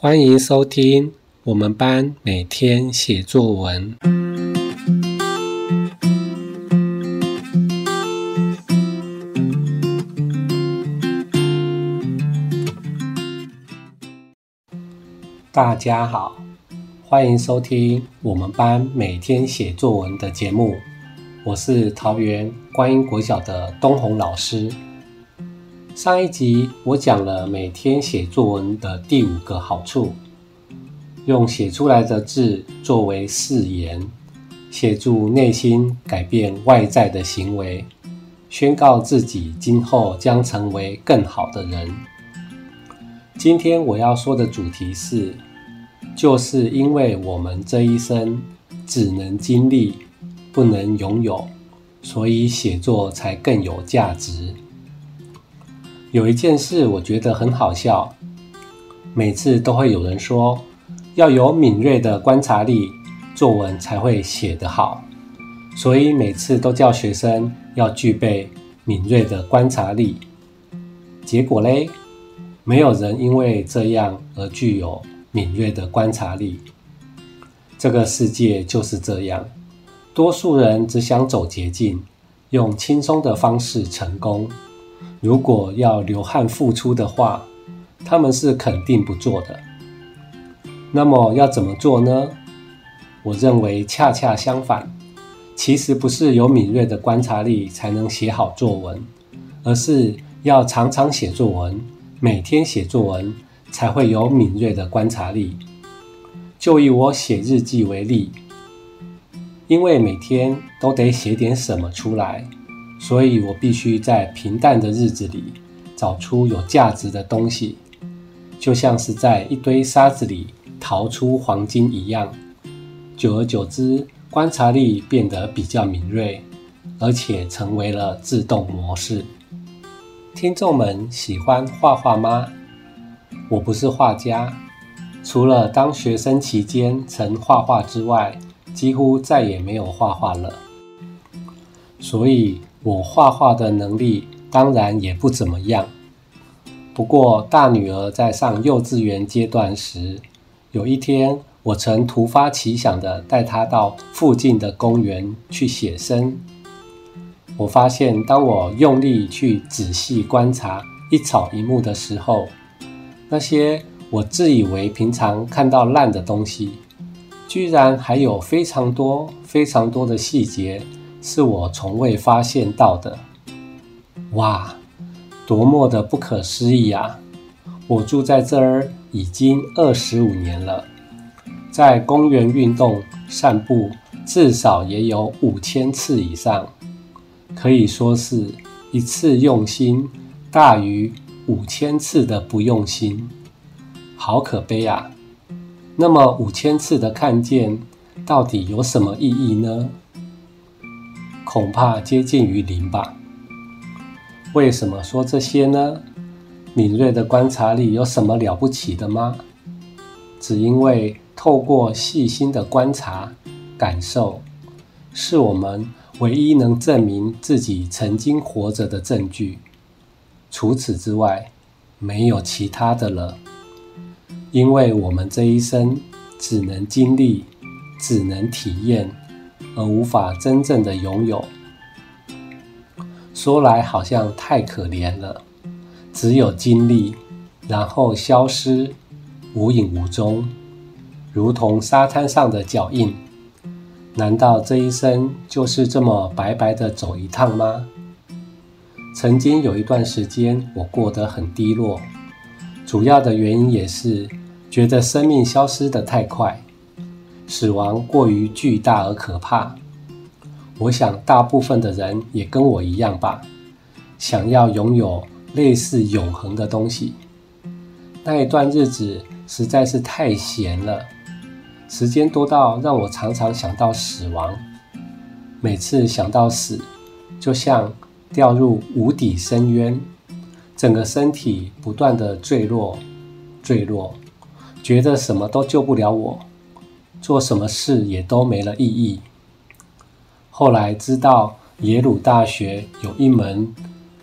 歡迎收聽我們班每天寫作文。大家好，歡迎收聽我們班每天寫作文的節目。我是桃園觀音國小的東紅老師。上一集我講了每天寫作文的第五個好處，用寫出來的字作為誓言，協助內心改變外在的行為，宣告自己今後將成為更好的人。今天我要說的主題是，就是因為我們這一生只能經歷，不能擁有，所以寫作才更有價值。有一件事我覺得很好笑，每次都會有人說要有敏銳的觀察力，作文才會寫得好，所以每次都叫學生要具備敏銳的觀察力。結果嘞，沒有人因為這樣而具有敏銳的觀察力。這個世界就是這樣，多數人只想走捷徑，用輕鬆的方式成功。如果要流汗付出的話，他們是肯定不做的。那麼要怎麼做呢？我認為恰恰相反，其實不是有敏銳的觀察力才能寫好作文，而是要常常寫作文，每天寫作文，才會有敏銳的觀察力。就以我寫日記為例，因為每天都得寫點什麼出來。所以我必須在平淡的日子裡找出有價值的東西，就像是在一堆沙子裡淘出黃金一樣。久而久之，觀察力變得比較敏銳，而且成為了自動模式。聽眾們喜歡畫畫嗎？我不是畫家，除了當學生期間曾畫畫之外，幾乎再也沒有畫畫了。所以。我畫畫的能力當然也不怎麼樣，不過大女兒在上幼稚園階段時，有一天，我曾突發奇想地帶她到附近的公園去寫生。我發現，當我用力去仔細觀察一草一木的時候，那些我自以為平常看到爛的東西，居然還有非常多、非常多的細節。是我從未發現到的，哇，多麼的不可思議啊！我住在這兒已經二十五年了，在公園運動、散步，至少也有五千次以上，可以說是一次用心大於五千次的不用心，好可悲啊！那麼五千次的看見，到底有什麼意義呢？恐怕接近於零吧。為什麼說這些呢？敏銳的觀察力有什麼了不起的嗎？只因為透過細心的觀察、感受，是我們唯一能證明自己曾經活着的證據。除此之外，沒有其他的了。因為我們這一生只能經歷，只能體驗。而無法真正的擁有，說來好像太可憐了。只有經歷，然後消失，無影無蹤，如同沙灘上的腳印。難道這一生就是這麼白白的走一趟嗎？曾經有一段時間，我過得很低落，主要的原因也是覺得生命消失的太快。死亡過於巨大而可怕，我想大部分的人也跟我一樣吧，想要擁有類似永恆的東西。那一段日子實在是太閒了，時間多到讓我常常想到死亡。每次想到死，就像掉入無底深淵，整個身體不斷地墜落，墜落，覺得什麼都救不了我。做什麼事也都沒了意義。後來知道耶魯大學有一門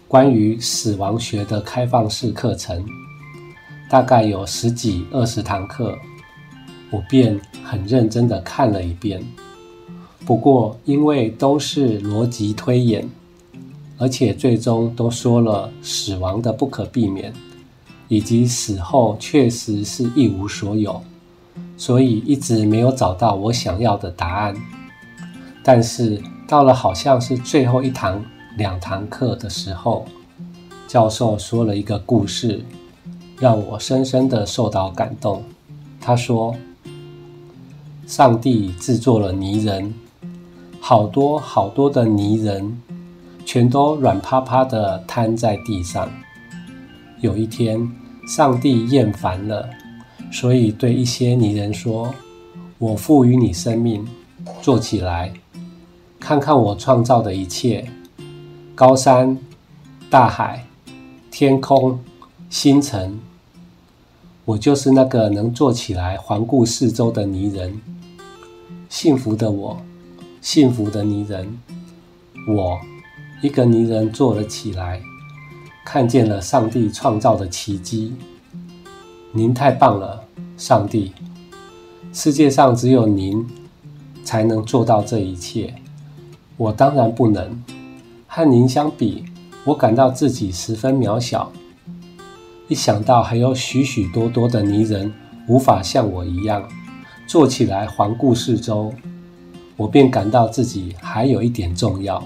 關於死亡學的開放式課程，大概有十幾二十堂課，我便很認真地看了一遍。不過因為都是邏輯推演，而且最終都說了死亡的不可避免，以及死後確實是一無所有。所以一直沒有找到我想要的答案，但是到了好像是最後一堂兩堂課的時候，教授說了一個故事，讓我深深的受到感動。他說：“上帝制作了泥人，好多好多的泥人，全都軟趴趴的癱在地上。有一天，上帝厭煩了。”所以，對一些泥人說：“我賦予你生命，坐起來，看看我創造的一切——高山、大海、天空、星辰。我就是那個能坐起來環顧四周的泥人。幸福的我，幸福的泥人。我，一個泥人坐了起來，看見了上帝創造的奇蹟。”您太棒了，上帝！世界上只有您才能做到這一切。我當然不能，和您相比，我感到自己十分渺小。一想到還有許許多多的泥人無法像我一樣坐起來環顧四周，我便感到自己還有一點重要。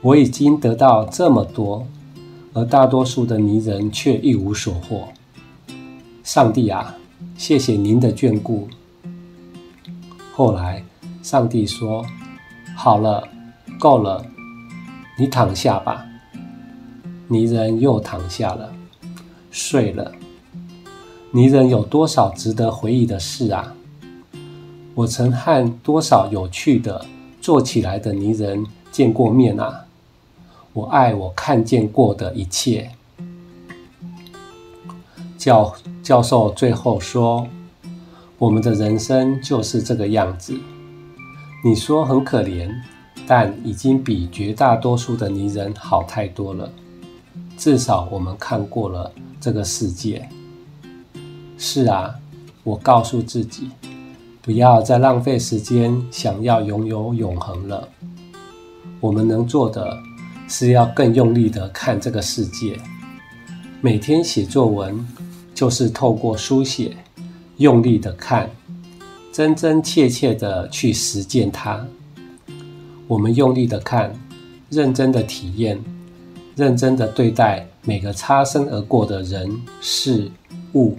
我已經得到這麼多，而大多數的泥人卻一無所獲。上帝啊，謝謝您的眷顧。後來，上帝說：“好了，夠了，你躺下吧。”泥人又躺下了，睡了。泥人有多少值得回憶的事啊？我曾和多少有趣的做起來的泥人見過面啊？我愛我看見過的一切。教教授最後說：“我們的人生就是這個樣子。你說很可憐，但已經比絕大多數的泥人好太多了。至少我們看過了這個世界。是啊，我告訴自己，不要再浪費時間想要擁有永恆了。我們能做的是要更用力的看這個世界。每天寫作文。”就是透過書寫，用力的看，真真切切的去實踐它。我們用力的看，認真的體驗，認真的對待每個擦身而過的人、事、物。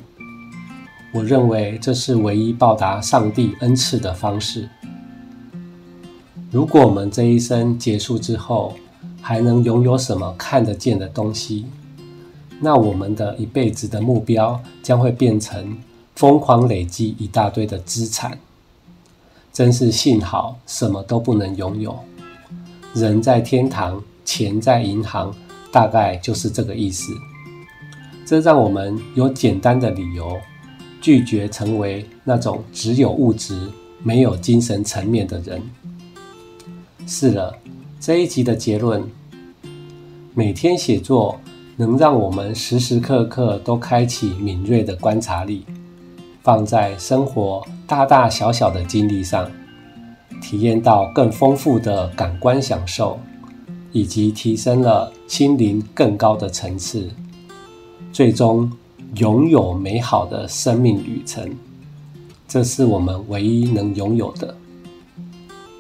我認為這是唯一報答上帝恩賜的方式。如果我們這一生結束之後，還能擁有什麼看得見的東西？那我們的一輩子的目標將會變成瘋狂累積一大堆的資產，真是幸好什麼都不能擁有。人在天堂，錢在銀行，大概就是這個意思。這讓我們有簡單的理由拒絕成為那種只有物質沒有精神層面的人。是了，這一集的結論，每天寫作。能讓我們時時刻刻都開啟敏銳的觀察力，放在生活大大小小的經歷上，體驗到更豐富的感官享受，以及提升了心靈更高的層次，最終擁有美好的生命旅程。這是我們唯一能擁有的。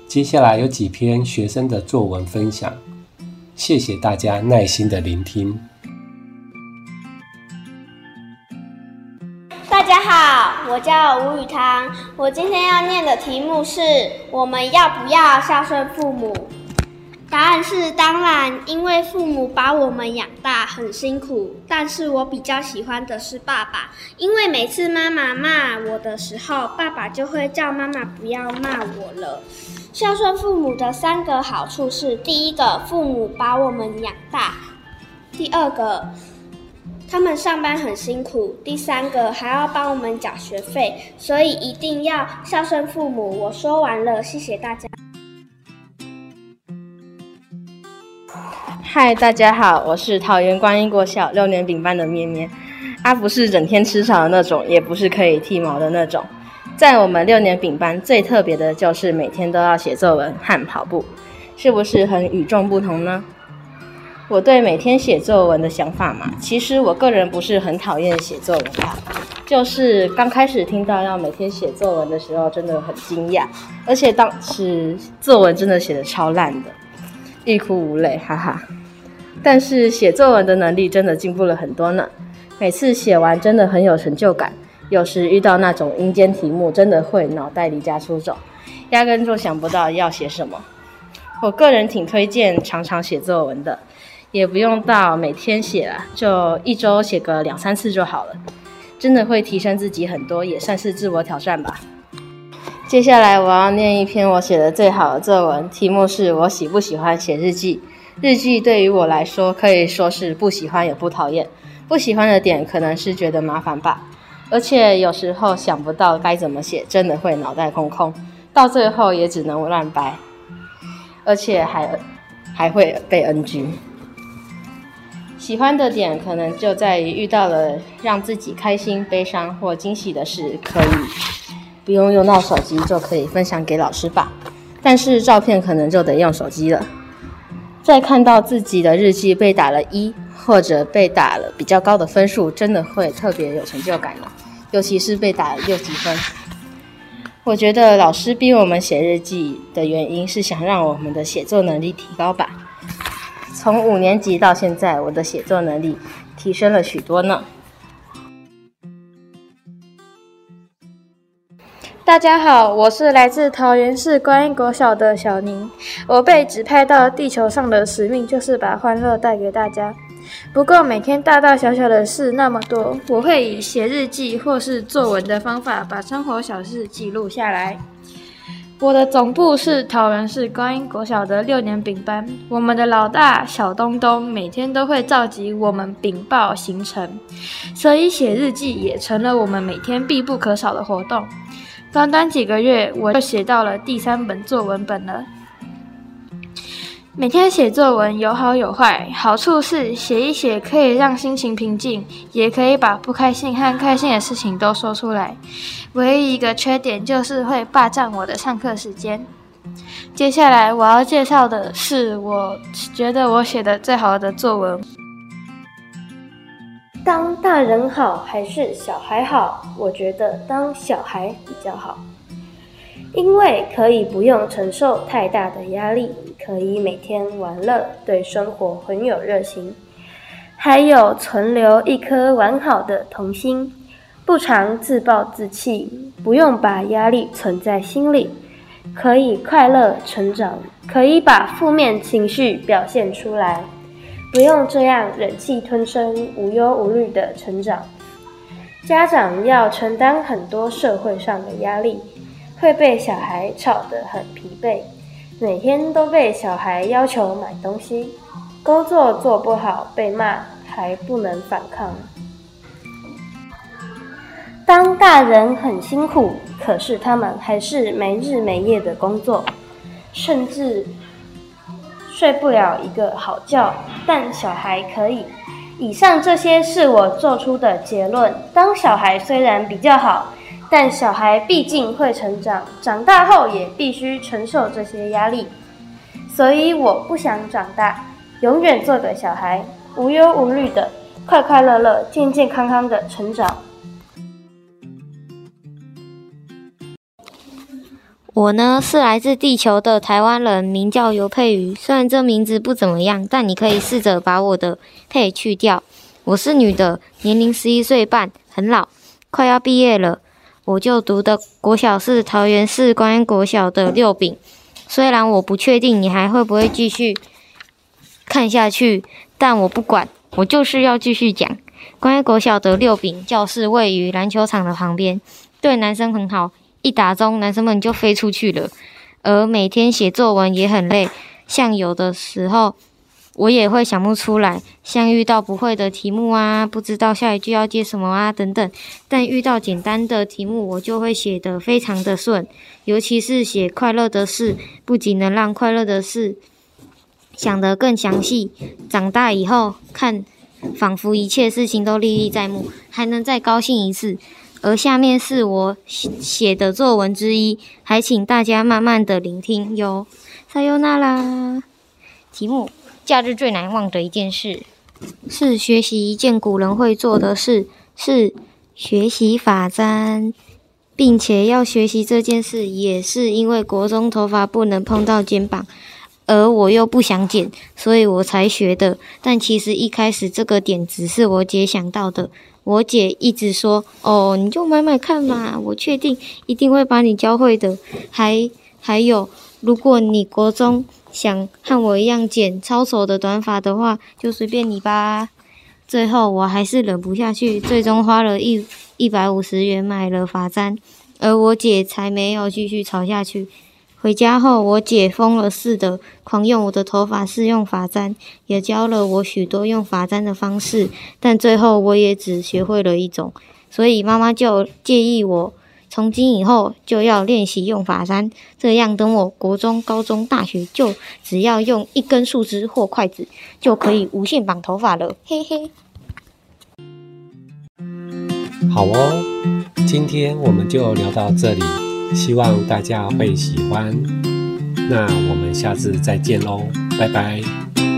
接下來有幾篇學生的作文分享，謝謝大家耐心的聆聽。我叫吳雨堂，我今天要念的題目是：我們要不要孝順父母？答案是當然，因為父母把我們養大很辛苦。但是我比較喜歡的是爸爸，因為每次媽媽罵我的時候，爸爸就會叫媽媽不要罵我了。孝順父母的三個好處是：第一個，父母把我們養大；第二個。他們上班很辛苦，第三個，還要幫我們繳學費，所以一定要孝順父母。我說完了，謝謝大家。嗨，大家好，我是桃園觀音國小六年丙班的咩咩，啊，不是整天吃草的那種，也不是可以剃毛的那種。在我們六年丙班最特別的就是每天都要寫作文和跑步，是不是很與眾不同呢？我對每天寫作文的想法嘛，其實我個人不是很討厭寫作文哈，就是剛開始聽到要每天寫作文的時候，真的很驚訝，而且當時作文真的寫得超爛的，欲哭無淚，哈哈。但是寫作文的能力真的進步了很多呢，每次寫完真的很有成就感。有時遇到那種陰間題目，真的會腦袋離家出走，壓根就想不到要寫什麼。我個人挺推薦常常寫作文的。也不用到每天寫了，就一周寫個兩三次就好了，真的會提升自己很多，也算是自我挑戰吧。接下來我要念一篇我寫的最好的作文，題目是我喜不喜歡寫日記。日記對於我來說可以說是不喜歡也不討厭，不喜歡的點可能是覺得麻煩吧，而且有時候想不到該怎麼寫，真的會腦袋空空，到最後也只能亂掰，而且還還會被 NG。喜歡的點可能就在於遇到了讓自己開心、悲傷或驚喜的事，可以不用用到手機就可以分享給老師吧，但是照片可能就得用手機了。再看到自己的日記被打了一或者被打了比較高的分數，真的會特別有成就感呢。尤其是被打了六級分，我覺得老師逼我們寫日記的原因是想讓我們的寫作能力提高吧。從五年級到現在，我的寫作能力提升了許多呢。大家好，我是來自桃園市觀音國小的小寧。我被指派到地球上的使命，就是把歡樂帶給大家。不過每天大大小小的事那麼多，我會以寫日記或是作文的方法，把生活小事記錄下來。我的總部是桃園市觀音國小的六年丙班，我們的老大小東東每天都會召集我們稟報行程，所以寫日記也成了我們每天必不可少的活動。短短幾個月，我就寫到了第三本作文本了。每天寫作文有好有壞，好處是寫一寫可以讓心情平靜，也可以把不開心和開心的事情都說出來。唯一一個缺點就是會霸佔我的上課時間。接下來我要介紹的是我覺得我寫的最好的作文。當大人好還是小孩好？我覺得當小孩比較好。因為可以不用承受太大的壓力，可以每天玩樂，對生活很有熱情，還有存留一顆完好的童心，不常自暴自棄，不用把壓力存在心裡，可以快樂成長，可以把負面情緒表現出來，不用這樣忍氣吞聲，無憂無慮的成長。家長要承擔很多社會上的壓力。會被小孩吵得很疲憊，每天都被小孩要求買東西，工作做不好被罵，還不能反抗。當大人很辛苦，可是他們還是沒日沒夜的工作，甚至睡不了一個好覺。但小孩可以。以上這些是我做出的結論。當小孩雖然比較好。但小孩畢竟會成長，長大後也必須承受這些壓力，所以我不想長大，永遠做個小孩，無憂無慮的，快快樂樂、健健康康的成長。我呢是來自地球的台灣人，名叫尤佩瑜，雖然這名字不怎麼樣，但你可以試着把我的“佩”去掉。我是女的，年齡十一歲半，很老，快要畢業了。我就讀的國小是桃園市觀音國小的六丙，雖然我不確定你還會不會繼續看下去，但我不管，我就是要繼續講。觀音國小的六丙，教室位於籃球場的旁邊，對男生很好，一打鐘男生們就飛出去了。而每天寫作文也很累，像有的時候。我也會想不出來，像遇到不會的題目啊，不知道下一句要接什麼啊等等。但遇到簡單的題目，我就會寫得非常的順，尤其是寫快樂的事，不僅能讓快樂的事想得更詳細，長大以後看，仿佛一切事情都歷歷在目，還能再高興一次。而下面是我寫的作文之一，還請大家慢慢的聆聽喲。莎喲娜啦，題目。假日最難忘的一件事，是學習一件古人會做的事，是學習髮簪，並且要學習這件事也是因為國中頭髮不能碰到肩膀，而我又不想剪，所以我才學的。但其實一開始這個點子是我姐想到的，我姐一直說：“哦，你就慢慢看嘛，我確定一定會把你教會的。還”還還有，如果你國中。想和我一樣剪超短的短髮的話，就隨便你吧。最後我還是忍不下去，最終花了一一百五十元買了髮簪，而我姐才沒有繼續吵下去。回家後，我姐瘋了似的狂用我的頭髮試用髮簪，也教了我許多用髮簪的方式，但最後我也只學會了一種。所以媽媽就建議我。從今以後就要練習用髮簪，這樣等我國中、高中、大學，就只要用一根樹枝或筷子，就可以無限綁頭髮了，嘿嘿。好哦，今天我們就聊到這裡，希望大家會喜歡，那我們下次再見嘍，拜拜。